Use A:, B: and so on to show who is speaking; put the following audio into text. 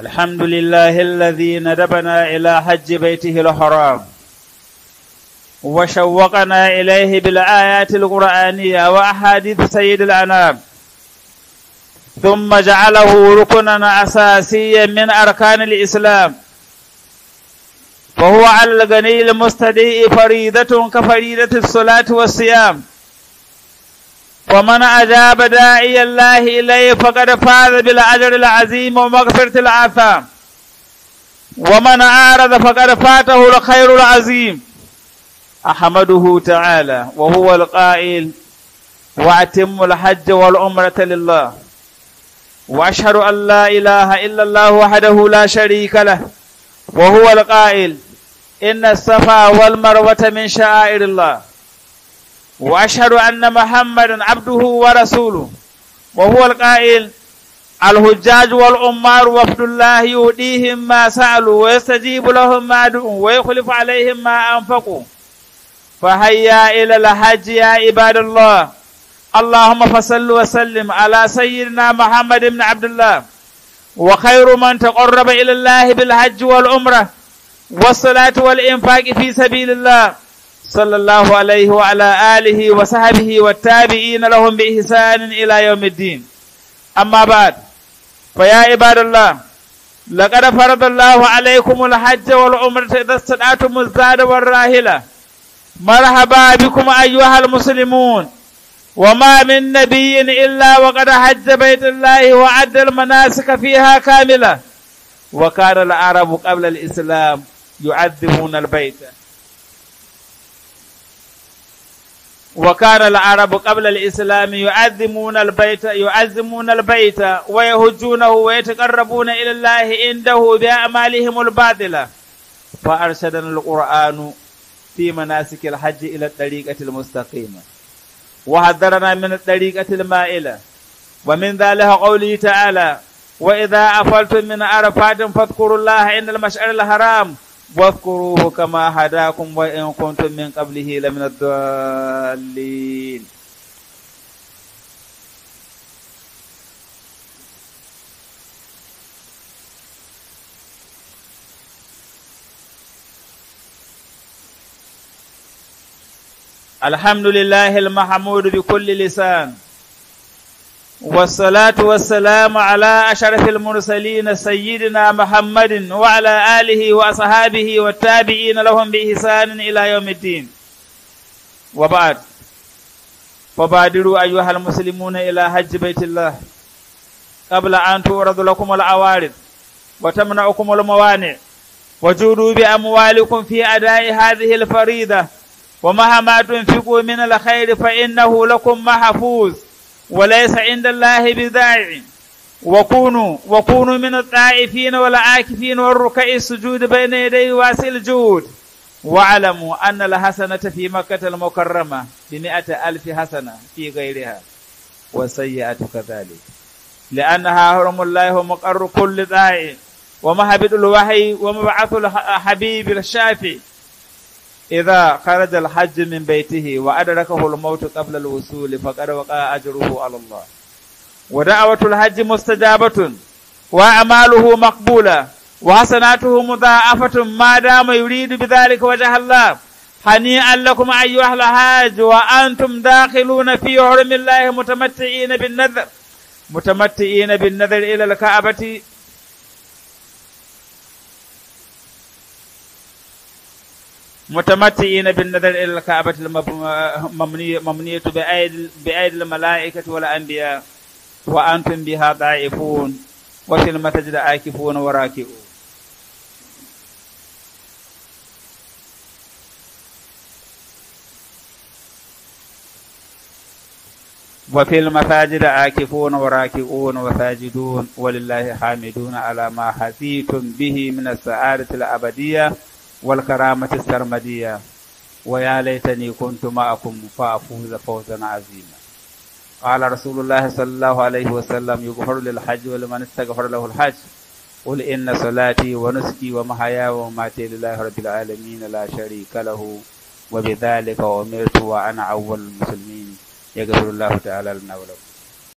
A: الحمد لله الذي ندبنا إلى حج بيته الحرام وشوقنا إليه بالآيات القرآنية وأحاديث سيد الأنام ثم جعله ركنا أساسيا من أركان الإسلام فهو على الغني المستدي فريضة كفريضة الصلاة والصيام ومن أجاب داعي الله إليه فقد فاز بالأجر العظيم ومغفرة العثام ومن أعرض فقد فاته الخير العظيم أحمده تعالى وهو القائل وأتم الحج والعمرة لله وأشهد أن لا إله إلا الله وحده لا شريك له وهو القائل إن الصفا والمروة من شعائر الله وأشهد أن محمدا عبده ورسوله وهو القائل الحجاج والعمار وفد الله يؤديهم ما سألوا ويستجيب لهم ما دعوا ويخلف عليهم ما أنفقوا فهيا إلى الحج يا عباد الله اللهم فصل وسلم على سيدنا محمد بن عبد الله وخير من تقرب إلى الله بالحج والعمرة والصلاة والإنفاق في سبيل الله صلى الله عليه وعلى آله وصحبه والتابعين لهم بإحسان إلى يوم الدين أما بعد فيا عباد الله لقد فرض الله عليكم الحج والعمرة إذا استطعتم الزاد والراهلة مرحبا بكم أيها المسلمون وما من نبي إلا وقد حج بيت الله وعد المناسك فيها كاملة وكان العرب قبل الإسلام يعذبون البيت وكان العرب قبل الإسلام يعظمون البيت يعظمون البيت ويهجونه ويتقربون إلى الله عنده بأعمالهم الباطلة فأرشدنا القرآن في مناسك الحج إلى الطريقة المستقيمة وحذرنا من الطريقة المائلة ومن ذلك قوله تعالى وإذا أفلتم من عرفات فاذكروا الله عند المشعر الحرام واذكروه كما هداكم وإن كنتم من قبله لمن الضالين الحمد لله المحمود بكل لسان والصلاة والسلام على أشرف المرسلين سيدنا محمد وعلى آله وأصحابه والتابعين لهم بإحسان إلى يوم الدين وبعد فبادروا أيها المسلمون إلى حج بيت الله قبل أن تورد لكم العوارض وتمنعكم الموانع وجودوا بأموالكم في أداء هذه الفريضة ومهما تنفقوا من الخير فإنه لكم محفوظ وليس عند الله بداع وكونوا وكونوا من الطائفين والعاكفين والركع السجود بين يدي واسع الجود واعلموا أن الحسنة في مكة المكرمة بمئة ألف حسنة في غيرها والسيئة كذلك لأنها حرم الله ومقر كل داعي ومهبط الوحي ومبعث الحبيب الشافي إذا خرج الحج من بيته وأدركه الموت قبل الوصول فقد وقع أجره على الله ودعوة الحج مستجابة وأعماله مقبولة وحسناته مضاعفة ما دام يريد بذلك وجه الله هنيئا لكم أيها الحاج وأنتم داخلون في حرم الله متمتعين بالنذر متمتعين بالنذر إلى الكعبة متمتعين بالنظر إلى الكعبة الممنية بأيد الملائكة والأنبياء وأنتم بها ضعيفون وفي المسجد عاكفون وراكعون وفي المساجد عاكفون وراكعون وساجدون ولله حامدون على ما حسيتم به من السعادة الأبدية والكرامة السرمدية ويا ليتني كنت معكم فأفوز فوزا عظيما قال رسول الله صلى الله عليه وسلم يغفر للحج ولمن استغفر له الحج قل إن صلاتي ونسكي ومحيا ومماتي لله رب العالمين لا شريك له وبذلك أمرت وأنا أول المسلمين يغفر الله تعالى لنا ولكم